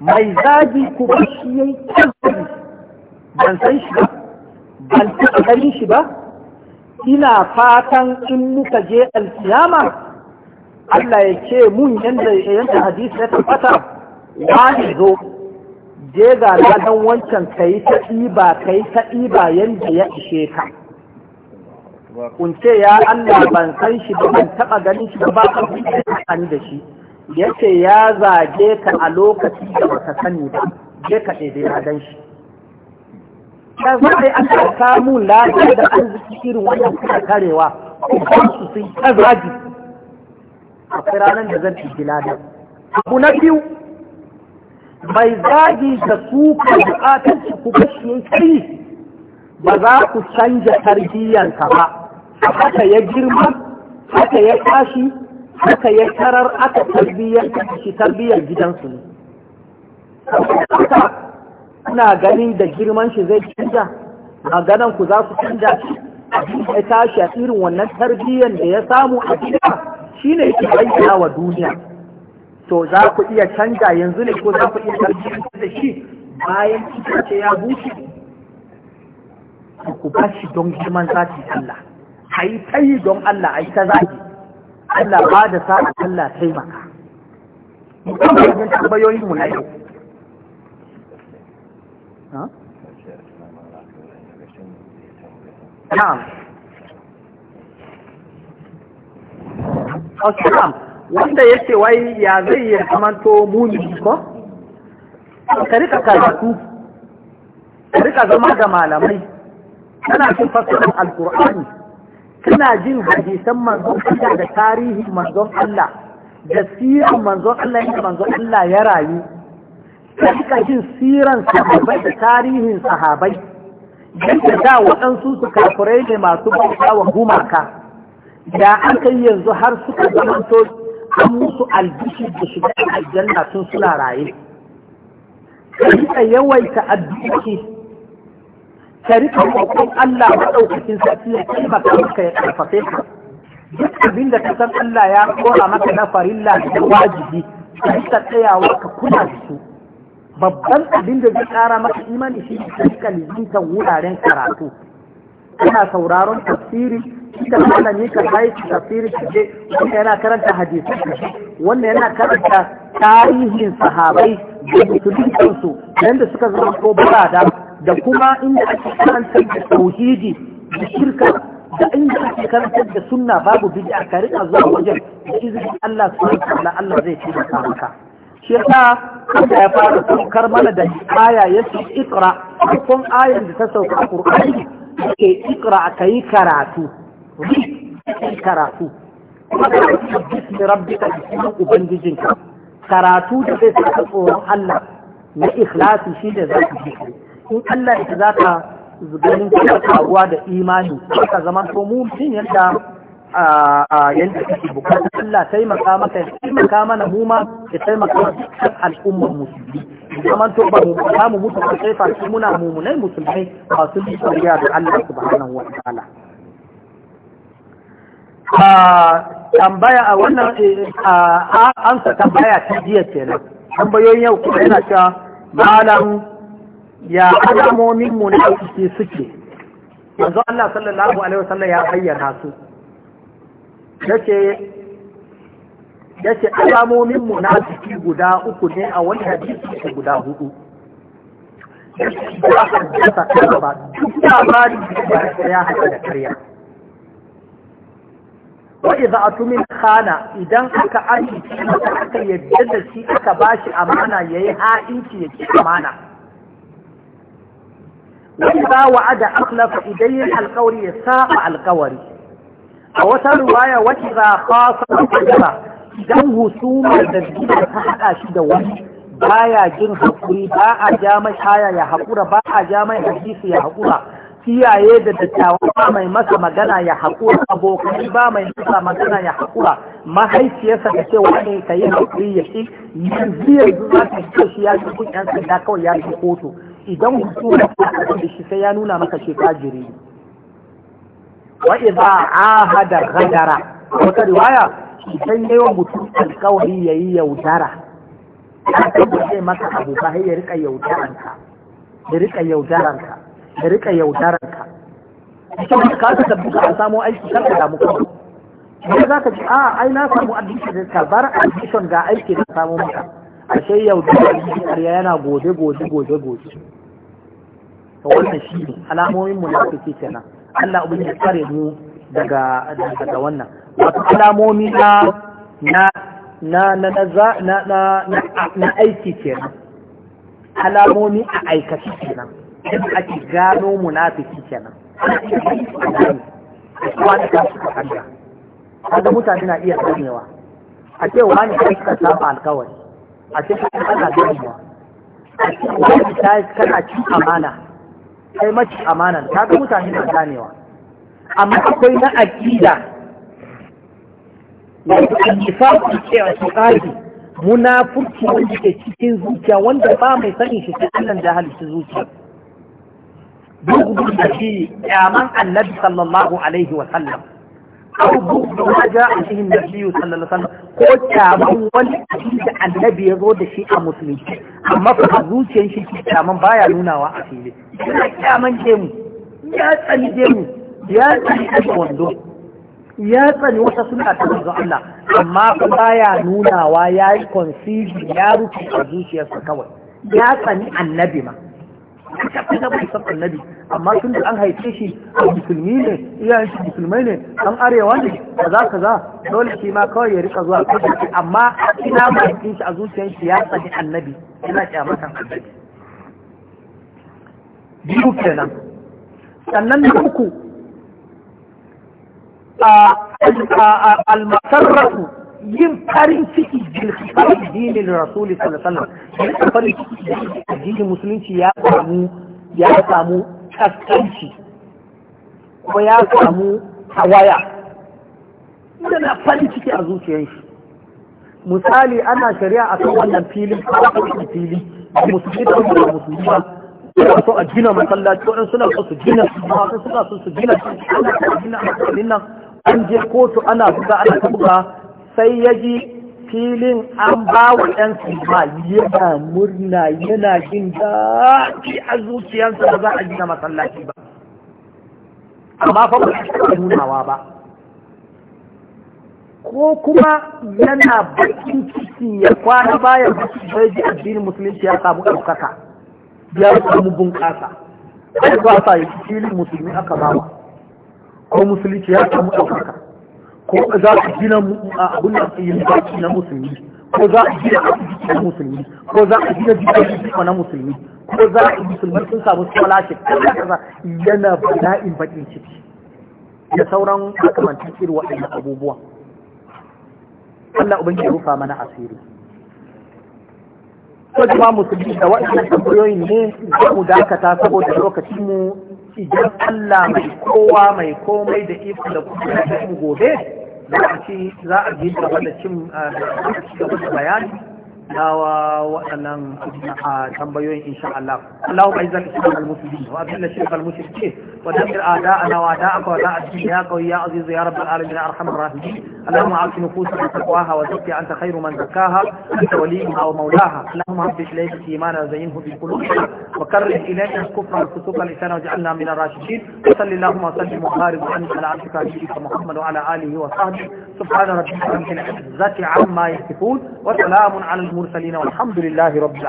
mai zagi kuma shi yayi kalbi ban san shi ba ban taɓa ganin shi ba ina fatan in muka je alkiyama Allah ya ce mun yanda yanda hadisi ya tabbata wani zo je ga ladan wancan kai ta ɗiba kai ta ɗiba yanda ya ishe ka Kun ce ya Allah ban san shi ba ban taba ganin shi ba ba kan da shi yace ya zage ka a lokaci da baka sani ba je ka daidai ladan shi da zai aka samu ladan da arziki irin wannan karewa ko su sun kazaji akwai ranar da zan ɗauki ladar. abu na biyu Bai zagi da suka bukatar su shi kashe kai ba za ku canja tarbiyyarsa ba haka ya girma haka ya tashi haka ya tarar aka tarbiyyar shi tarbiyyar gidansu ne haka kuna ganin da girman shi zai canja maganan ku za ku canja shi ya tashi a irin wannan tarbiyyar da ya samu a gida shi ne yake bayyana wa duniya to za ku iya canja yanzu ne ko za ku iya canja da shi bayan ce ya bushe ku ba shi don girman zaki Allah a yi ta yi don Allah a yi ta zaki Allah ba da sa'a Allah taimaka ba yin tambayoyin mu na yau ha assalam wanda yake wai ya zai ya kamanto muni ko ka rika karatu ka rika zama da malamai kana cin fasirin alkur'ani kana jin hadisan manzon Allah da tarihi manzon Allah da siran manzon Allah yadda manzon Allah ya rayu ka rika jin siran sahabai da tarihin sahabai yadda da waɗansu su kafurai ne masu bauta wa gumaka da an kai yanzu har suka to an musu albishi da shiga aljanna sun suna raye ka yawaita addu'o'i ka rika kokon Allah maɗaukakin sarki ya taimaka maka ya karfafe ka duk abin da ka san Allah ya kora maka na farilla da wajibi ka rika tsayawa ka kula da su babban abin da zai ƙara maka imani shi ne ka rika lizintan wuraren karatu kana sauraron tafsiri kika malami ka kai tafsiri kike wannan yana karanta hadisi wannan yana karanta tarihin sahabai da musulunci su yanda suka zama ko barada da kuma inda ake karanta da tauhidi da shirka da inda ake karanta da sunna babu a ka rika zuwa wajen da izinin Allah subhanahu wa Allah zai taimaka maka shi yasa da ya fara saukar mana da aya yace ikra kun ayan da ta sauka a Qur'ani ke ikra kai karatu kai karatu kuma da bismi rabbika cikin ubangijinka karatu da zai saka tsoron Allah na ikhlasi shi da za ka jiki in Allah ita za ka ganin kuma da imani ka zama to mutum yadda yadda kake bukata Allah taimaka maka ya taimaka mana mu ma ya taimaka dukkan al'ummar musulmi zaman to ba mu samu mutu sai fa muna mumunai musulmai masu biyayya da Allah subhanahu wa ta'ala tambaya a wannan ansa tambaya ta jiya nan tambayoyin yau kuma yana cewa malam ya alamomin munafiki suke yanzu Allah sallallahu alaihi wasallam ya bayyana su yace yace alamomin munafiki guda uku ne a wani hadisi guda hudu ya ba duk labarin ba ya haɗa da karya waje za a tumin kana idan aka amince masa aka yadda da shi aka shi amana ya yi ha'inci ya ci amana wani ba wa'ada akhlafa idan yin alkawari ya saba alkawari a wata ruwaya wace za a fasa da idan husuma da gida ta haɗa shi da wani baya jin haƙuri ba a ja mai haya ya haƙura ba a ja mai hadisi ya haƙura kiyaye da dattawa ba mai masa magana ya haƙura abokai ba mai masa magana ya haƙura mahaifiyarsa da cewa ne ka yi haƙuri ya shi yanzu yanzu za ka ce shi ya ji kun yan sanda kawai ya ji kotu idan na ta da shi sai ya nuna maka shi wa'i ba a ahada gadara wata riwaya idan yawan mutum ya yi yaudara ya tabbace maka abu ba ya rika yaudaranka yaudaranka Ka rika yaudarar ka saboda ka ka buka a samu aiki kar ka damu kawai ne za ka ji a ai na samu admission ka bar admission ga aiki da samu maka ashe yaudaran karya yana gobe gobe gobe gobe to wannan shi ne alamomin mu na kake kenan Allah ubin ya tsare mu daga daga wannan wato alamomi na na na na na na na aiki kenan alamomi a aikace kenan yadda ake gano munafiki kenan kowa da kashi a kanta kaga mutane na iya ganewa a ce wani kai ka saba alkawari a ce ka ana ganewa a ce wani ta kana cin amana kai mace amana kaga mutane na ganewa amma akwai na aƙida wato annifaqu ke a tsari munafurci wanda ke cikin zuciya wanda ba mai sani shi sai Allah da halitta zuciya بغض النبي اعمل النبي صلى الله عليه وسلم أو بغض ما جاء به النبي صلى الله عليه وسلم ko kyaman wani abin da annabi ya zo da shi a musulunci amma fa zuciyar shi ke kyaman nunawa a fili yana kyaman jemu ya tsani jemu ya tsani kashe ya tsani wata suna ta Allah amma fa baya nunawa ya yi konsiji ya rufe a zuciyarsa kawai ya tsani annabi ma duka ta gaba annabi amma tun da an haife shi a musulmi ne iyayen shi musulmai ne an arewa ne kaza kaza dole shi ma kawai ya rika zuwa kashi amma ina ma shi a zuciyar shi ya tsani annabi yana kyamatan annabi biyu kenan sannan na uku a al-masarrafu yin farin ciki bil khitab dinin rasul sallallahu alaihi wasallam farin ciki addinin musulunci ya samu ya samu kaskanci ko ya samu hawaya yana farin ciki a zuciyar shi misali ana shari'a a kan wannan filin kawai fili musulmi da wanda musulmi ba suna so a gina masallaci waɗansu suna so su gina waɗansu suna so su gina su gina nan an je kotu ana buga ana ta buga sai ya ji filin an ba wa ɗan silma yana murna yana jin daɗi a zuciyarsa ba za a gina masallaci ba amma fa ba shi nunawa ba ko kuma yana bakin ciki ya kwana bayan bai ji addinin musulunci ya samu ɗaukaka ya samu bunƙasa ai ba sa yi filin musulmi aka bawa ko musulunci ya samu ɗaukaka ko za ku gina abun da yunifasiti na musulmi ko za a gina asibiti na musulmi ko za a gina jikoki na musulmi ko za a musulmi sun samu scholarship kaza kaza yana bala'in bakin ciki da sauran makamantan irin waɗannan abubuwa Allah ubangiji rufa mana asiri ko jama musulmi da waɗannan tambayoyin ne za mu dakata saboda lokacin mu idan Allah mai kowa mai komai da iko da kuma mu gobe za a ci za a ji gaba da cin gaba da bayani na waɗannan a tambayoyin insha Allah Allahu bai zan islam al-muslimin a abin da shirka al ce ودمر اعداءنا واعداءك واعداء الدين يا قوي يا عزيز يا رب العالمين ارحم الراحمين اللهم اعف نفوسنا تقواها وزكي انت خير من زكاها انت وليها ومولاها اللهم هب اليك الايمان وزينه في قلوبنا وكره اليك الكفر والفسوق والعصيان واجعلنا من الراشدين وصل اللهم وسلم وبارك وانت على عبدك ورسولك محمد وعلى اله وصحبه سبحان ربك رب العزه عما يصفون وسلام على المرسلين والحمد لله رب العالمين